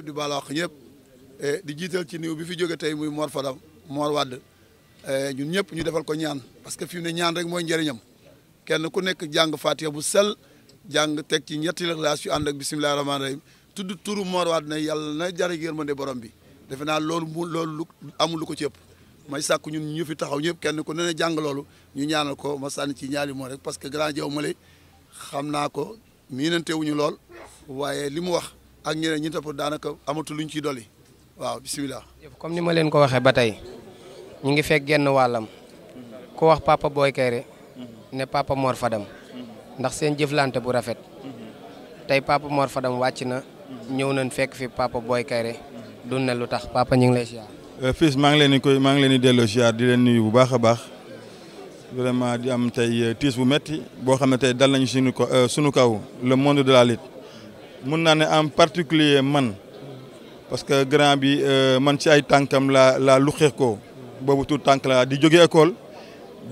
ñëpp di baal wax ñëpp eh, di jiital ci niw bi fi joge tey muy Mor Fadam Mor Wade eh, ñun ñëpp ñu defal ko ñaan parce que fii mu ne ñaan rek mooy njariñam kenn ku nekk jàng Fatiha bu sel jàng teg ci ñetti Ixlaas yu ànd ak bisimilah rahmaani rahim tudd turu Mor Wade ne yàlla na jar yërmande borom bi defe naa loolu mu loolu amul lu ko ci ma may sàkk ñun ñu fi taxaw ñëpp kenn ku ne jàng loolu ñu ñaanal ko ma sànni ci ñaari moo rek parce que grand jaw male xam naa ko miinante wuñu lool ak ñeneen ñi topp daanaka amatu luñ ciy dolli waaw bisimilah. comme ni ma leen ko waxee ba tey ñu ngi fekk genn wàllam ku wax papa Boy Kairé ne papa Mor Fadam ndax seen jëflante bu rafet tey papa moor Fadam wàcc na ñëw nañ fekk fi papa Boy Kairé du ne lu tax papa ñu ngi lay ziar. Euh, fils maa ngi leen di koy maa ngi leen di delloo ziar di leen nuyu bu baax a baax vraiment di am tey euh, tiis bu metti boo xam ne tey dal nañu suñu ko euh, suñu kaw le monde de la lutte. mun naa ne en particulier man parce que grand bi euh, man ci ay tànkam laa laa luxee ko boobu tout tànk laa di jóge école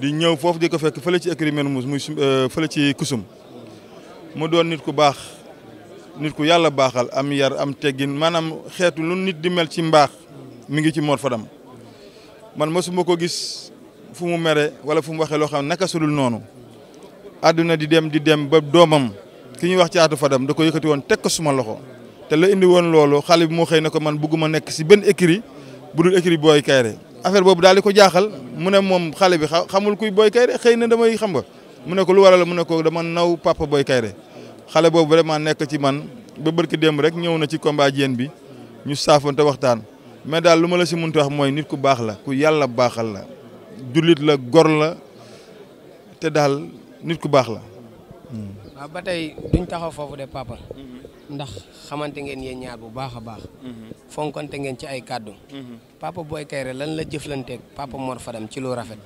di ñëw foofu di ko fekk fële ci écurie Mermoz muy euh, fële ci kusum mu doon nit ku baax nit ku yàlla baaxal am yar am teggin maanaam xeetu lu nit di mel ci mbaax mi ngi ci Mor Fadam man mosuma ko gis fu mu mere wala fu mu waxee loo xam naka sudul noonu adduna di dem di dem ba doomam ki ñu wax caatu fadam da ko yëkkati woon teg ko suma loxo te la indi woon loolu xale bi moo xëy na ko man bugguma nekk si benn écrit bu dul écrit booy kayre affaire boobu daal di ko jaaxal mu ne moom xale bi xamul kuy booy kayre xëy na damay xam nga mu ne ko lu waral mu ne ko dama naw papa booy kayre xale boobu vraiment nekk ci man ba barki démb rek ñëw na ci combat bi ñu saafoon te waxtaan mais daal lu ma la si mun mënti wax mooy nit ku baax la ku yàlla baaxal la jullit la gor la te daal nit ku baax la waaw ba tey duñ taxaw foofu de papa. ndax xamante ngeen yéen ñaar bu baax a baax. fonkante ngeen ci ay kàddu. papa Boy Kairé lan la jëflanteeg papa Mor Fadam ci lu rafet.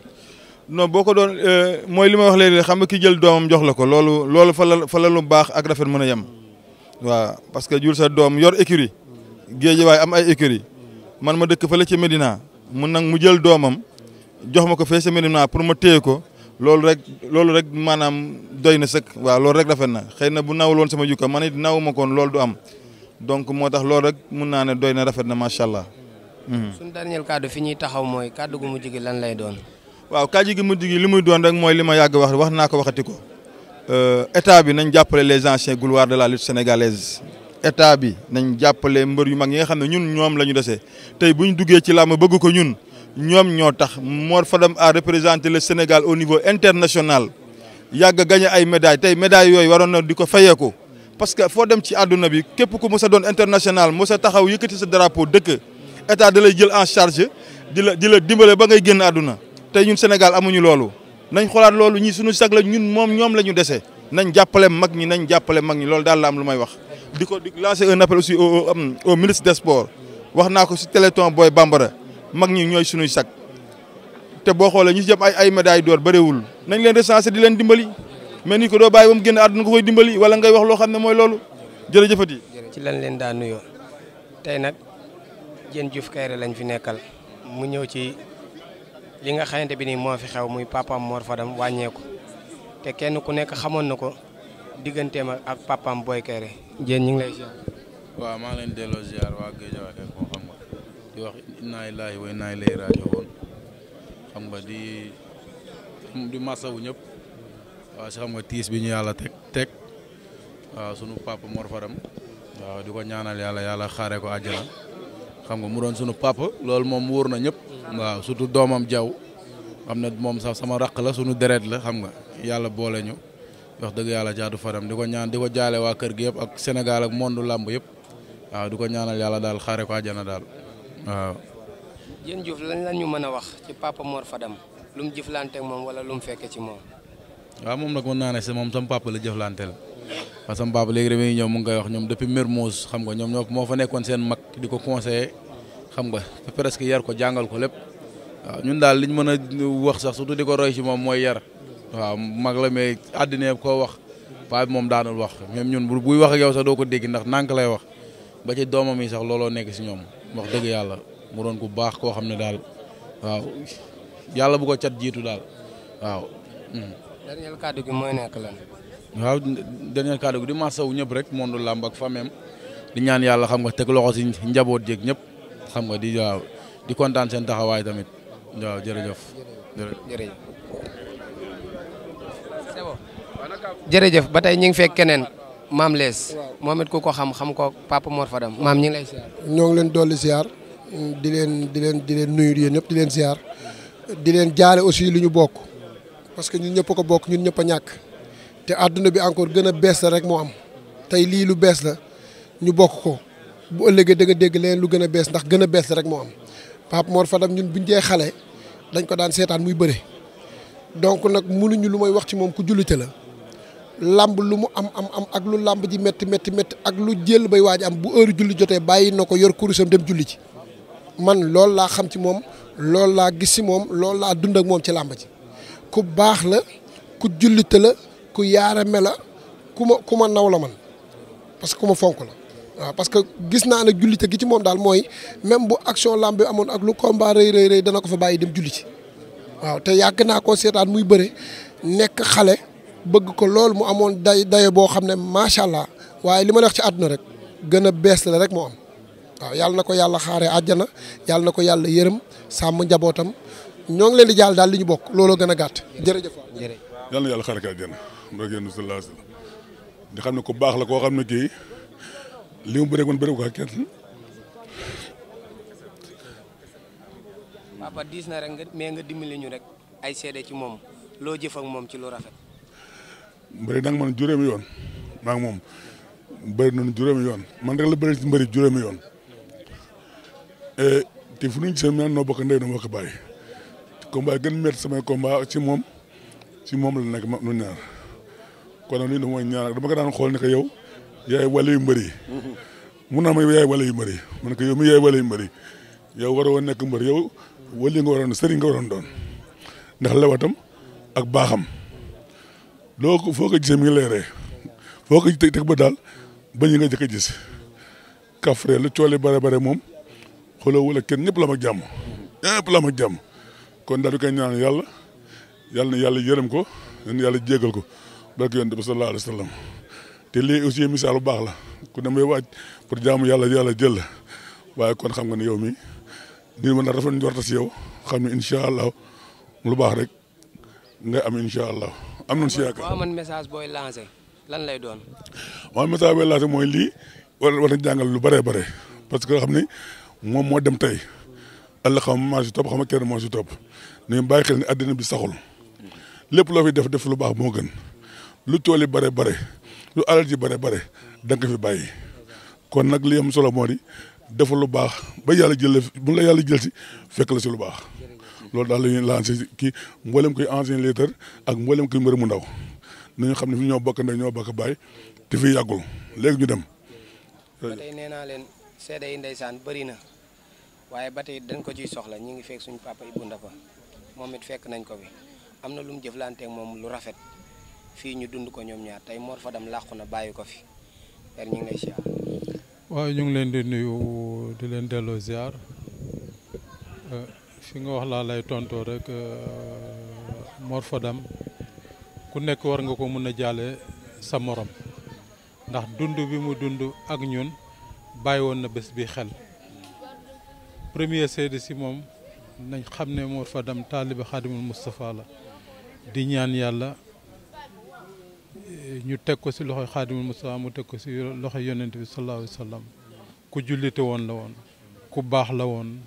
non boo ko doon euh, mooy li ma wax léegi xam nga ki jël doomam jox la ko loolu loolu fa la fa la lu baax ak rafet mën a yem. waaw parce que jur sa doom yor écurie géej waaye am ay écurie man ma dëkk fële ci Medina mun nag mu jël doomam jox ma ko fee sa Medina pour ma téye ko. loolu rek loolu maanaam doy na sëkk waaw loolu rek rafet na xëy na bu naw woon sama jukka man it naw ma koon loolu du am donc moo tax loolu rek mun naa ne doy na rafet na macha allah. Hmm. suñu dernier kàddu fi ñuy taxaw mooy kàddu gu mujj gi lan lay doon. waaw kàddu gi mujj gi li muy doon rek mooy li ma yàgg wax wax naa ko waxati ko euh, état bi nañ jàppale les anciens gloires de la lutte sénégalaise. état bi nañ jàppale mbër yu mag yi nga xam ne ñun ñoom la ñu dese tey bu ñu duggee ci làmb bëgg ko ñun. ñom ñoo tax Mor Fadam a représenté le Sénégal au niveau international yag gagné ay médailles tay médailles yoy waroon diko di parce que fo dem ci aduna bi képp ku mos a international mos taxaw yëkëti sa drapeau dëkk état da lay jël en charge di la di la dimbale ba ngay génn aduna tay ñun Sénégal amuñu lolu nañ xoolaat lolu ñi suñu sak la ñun mom ñom lañu déssé nañ jappalé mag ñi nañ jappalé mag ñi lolu daal la am lu may wax diko lancer un appel aussi au au ministre des sports wax naa ko téléthon Boy Bambara mag ñi ñoy suñu sak te bo xolé ñu jëm ay ay médaille d'or wul nañ leen recenser di leen dimbali mais ni ko do bàyyi ba mu génn ko koy dimbali wala ngay wax lo xam moy lolu loolu jërëjëfati. ci lan leen da nuyo tay nak jeen juuf Kairé lañ fi nekkal mu ñëw ci li nga xayante bi ni mo fi xew muy papa Mor Fadam ko te kenn ku nekk xamoon nako digënté ak papa Boy Kairé. jeen ñu ngi lay ziar. wa ma ngi leen delloo ziar ko di wax inna lillahi wa inna ilayhi xam nga di di masawu ñëpp waaw si xam nga tiis bi ñu yàlla teg teg waaw sunu papa moor Faram waaw di ko ñaanal yàlla yàlla xaare ko àjjana xam nga mu doon sunu papa loolu moom wóor na ñëpp waaw surtout doomam jaw xam ne moom sax sama raq la sunu deret la xam nga yàlla boole ñu wax dëgg yàlla jaadu Faram di ko ñaan di ko jaale waa kër gi yëpp ak Sénégal ak monde làmb yëpp waaw di ko ñaanal yàlla daal xaaree ko àjjana daal waaw. Diène Diouf lañ la ñu mën a wax ci papa Mor Fadam lu mu jëflante moom wala lu mu fekkee ci moom. waaw moom nag mën naa ne si moom sama papa la jëflanteel parce que sama papa léegi dañuy ñëw mu ngi koy wax ñoom depuis Mermoz xam nga ñoom ñoo moo fa nekkoon seen mag di ko conseiller xam nga presque yar ko jàngal ko lépp waaw ñun daal li ñu mën a wax sax surtout di ko roy ci moom mooy yar waaw mag la mais àddina koo wax paa moom daanul wax même ñun buy wax ak yow sax doo ko dégg ndax nànk lay wax ba ci doomam yi sax looloo nekk si ñoom. wax dëgg yàlla mu doon ku baax koo xam ne daal waaw yàlla bu ko cat jiitu daal waaw. dernier kàddu gi mooy nekk lan. waaw dernier kàddu di di wu ñëpp rek monde làmb ak fameem di ñaan yàlla xam nga teg loxo si njaboot jeg ñëpp xam nga di waaw di kontaan seen taxawaay tamit waaw jërëjëf. jërëjëf. ba tey ñu ngi keneen. maam lees moom it ku ko xam xam ko papa moor Fadam maam ñi ngi ñoo ngi leen dolli siyaar di leen di leen di leen nuyu yéen ñëpp di leen siyaar di leen jaale aussi lu ñu bokk parce que ñu ñëpp ko bokk ñun ñëpp ñàkk te àdduna bi encore gën a bees la rek moo am tey lii lu bees la ñu bokk ko bu ëllëgee da nga dégg lu gën bees ndax gën a bees rek moo am Pape Mor Fadam ñun buñ jee xale dañ ko daan seetaan muy bëre donc nag mënuñu lu may wax ci moom ku jullite la làmb lu mu am am am ak lu làmb ji métti métti métti ak lu jël bay waaj am bu heure julli jotee bàyyi na ko yor kurusam dem julli ci man loolu laa xam ci moom loolu laa gis ci moom loolu laa dund moom ci làmb ji ku baax la ku jullite la ku yaarame la ku ma ku ma naw la man parce que ku ma fonk la waaw parce que gis naa nag jullite gi ci moom daal mooy même bu action làmb bi amoon ak lu combat rëy rëy dana ko fa bàyyi dem julli ci waaw te yàgg naa koo seetaan muy bëre nekk xale. bëgg ko lool mu amoon day daye boo xam ne macha allah waaye li ma wax ci àdduna rek gën a bees la rek moo am waaw yàlla na ko yàlla xaaree àjjana yàlla na ko yàlla yërëm sàmm njabootam ñoo ngi leen di jaal daal li ñu bokk looloo gën a gàtt jërëjëf. yàlla na yàlla xaaree ko àjjana di xam ne ku baax la koo xam ne kii li mu bëreeg man bëreeg ko kenn. papa diis na rek nga mais nga dimbali ñu rek ay seede ci moom loo jëf ak moom ci lu rafet. mbëri nag man juróomi yoon maa ngi moom bëri yoon man rek la bëri ci mbëri juróomi yoon e, te fu ñu gisee ñu naan noo bokk ndey noo bokk baay combat gën métti samay combat ci moom ci moom la nekk ma nu ñaar kon nag mooy ñaar dama ko daan xool ne que yow yaay wàllu yu mbëri mun naa ma yaay wàllu yu mbëri man ko yow mi yaay wàllu yu mbëri yow wo nekk mbër yow wali nga waroon sëriñ nga waroon doon ndax lewatam ak baaxam. doo ko foo ko gisee mi ngi leeree foo ko teg teg ba daal ba ñu nga jëkk a gis kafre lu coole bare bare moom xuloo wala kenn ñëpp la ma jàmm ñëpp la ma jam kon daal du koy ñaan yàlla yàlla na yàlla yërëm ko na yàlla jéggal ko barke yonent bi sallallahu alayhi wa te lii aussi misaal bu baax la ku demee waaj pour jaamu yàlla yàlla jël la waaye kon xam nga ne yow mi ni mën a rafet njorta si yow xam ne incha allah lu baax rek nga am incha allah am nañu si yaakaar waaw man message booy lancé lan lay doon. waaw message booy lancé mooy lii war lu bëree bëri parce que xam ni moom moo dem tey ëllëg xam maa si topp xam kenn moo si topp nañu bàyyi xel ni àddina bi saxul lépp loo fi def def lu baax moo gën lu tool yi bëree bëri lu alal ji bëree bëri da nga ko fi bàyyi kon nag li am solo moo di defal lu baax ba yàlla jël bu la yàlla fekk la si lu loolu daal la ñuy lancé kii mboolem koy ancien leader ak mboolem ki mbër mu ndaw nañu xam ne fi ñoo bokk ndey ñoo bokk baay te fi yàggul léegi ñu dem. ba tey nee naa leen seede yi ndeysaan bëri na waaye ba tey dañ ko ciy soxla ñi ngi fekk suñu papa Ibou ko moom it fekk nañ ko bi am na lu mu jëflanteeg moom lu rafet fii ñu dund ko ñoom ñaar tey Mor Fadam làqu na bàyyi ko fi per ñu ngi lay ziar. waaw ñu ngi leen di nuyu di leen delloo ziar. Euh, fi nga wax laa lay tontoo rek euh, Mor Fadam ku nekk war nga ko mën a jaale sa morom ndax dund bi mu dund ak ñun bàyyi woon na bés bi xel premier seede si moom nañ xam ne Mor Fadam taaliba xaadimul Moustapha la di ñaan yàlla euh, ñu teg ko si loxo xaadimul Moustapha mu teg ko si loxo yonent bi sallallahu alayhi ku jullite woon la woon ku baax la woon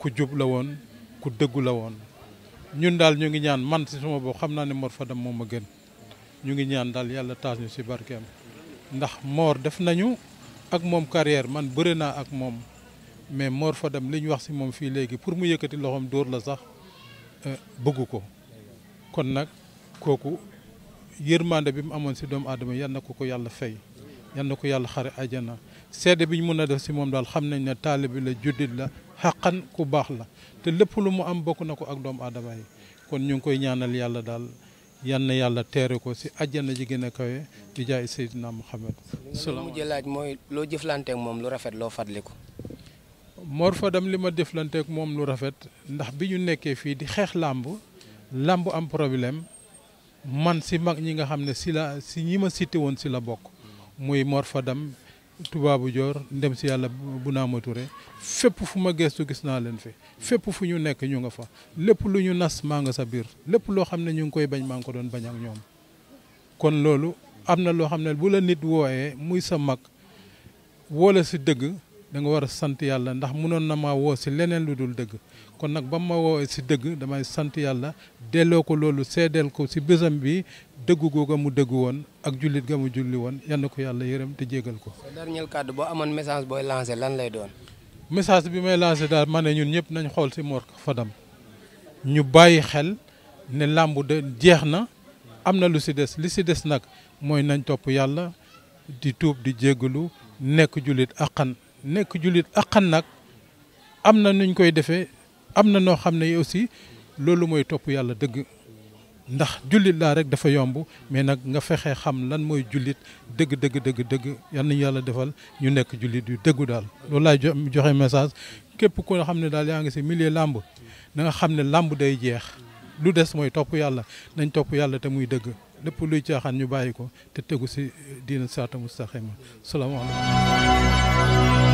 ku jub la woon ku dëggu la woon ñun daal ñu ngi ñaan man si suma boobu xam naa ne moor Fadam moom ma gën ñu ngi ñaan daal yàlla taas ñu si barkeem ndax moor def nañu ak moom carrière man bëre naa ak moom mais Mor Fadam li ñu wax si moom fii léegi pour mu yëkkati loxoom dóor la sax euh, bëggu ko kon nag kooku yërmande bi mu amoon si doomu aadama yal na ko ko yàlla fay yal na ko yàlla xare ajana seede bi ñu mën a def si moom daal xam nañ ne taalibi la juddit la xaqan ku baax la te lépp lu mu am bokk na ko ak doomu aadama yi kon ñu ngi koy ñaanal yàlla daal yan yàlla teere ko si àjjana ji gën a kawe di jaay Seydina Muhammad. salaamaaleykum mujjee laaj mooy loo jëflanteeg moom lu rafet loo fàttaliku. Mor Fadam li ma jëflanteeg moom lu rafet ndax bi ñu nekkee fii di xeex làmb làmb am problème man si mag ñi nga xam ne si la si ñi ma cité woon si la bokk muy Mor tubaabu joor ndem si yàlla bu naama Touré fépp fu ma gestu gis naa leen fi fépp fu ñu nekk ñu nga fa lépp lu ñu nas maa nga sa biir lépp loo xam ne ñu ngi koy bañ maa ngi ko doon bañ ak ñoom. kon loolu am na loo xam ne bu la nit wooyee muy sa mag woo la si dëgg danga war a sant yàlla ndax munoon na maa woo si leneen lu dul dëgg kon nag ba mu ma woowee si dëgg damay sant yàlla delloo ko loolu seedeel ko si bésam bi dëggu googa mu dëggu woon ak jullit ga mu julli woon yal ko yàlla yërëm te jégal ko. sa boo amoon message booy lan lay doon. message bi may lancé daal ma ne ñun ñëpp nañ xool si Mor Fadam bàyyi xel ne làmb de jeex na am na lu si des li si des nag mooy nañ topp yàlla di tuub di jéggalu nekk jullit akan nekk jullit aqan nag am na nuñ koy defee. am na noo xam ne aussi loolu mooy topp yàlla dëgg ndax jullit laa rek dafa yomb mais nag nga fexe xam lan mooy jullit dëgg dëgg dëgg dëgg yal nañu yàlla defal ñu nekk jullit yu dëggu daal loolu laay joxe message képp koo xam ne daal yaa ngi si milieu làmb nanga xam ne làmb day jeex lu des mooy topp yàlla nañ topp yàlla te muy dëgg lépp luy caaxaan ñu bàyyi ko te tegu si diina saata mustaxima salaamaaleykum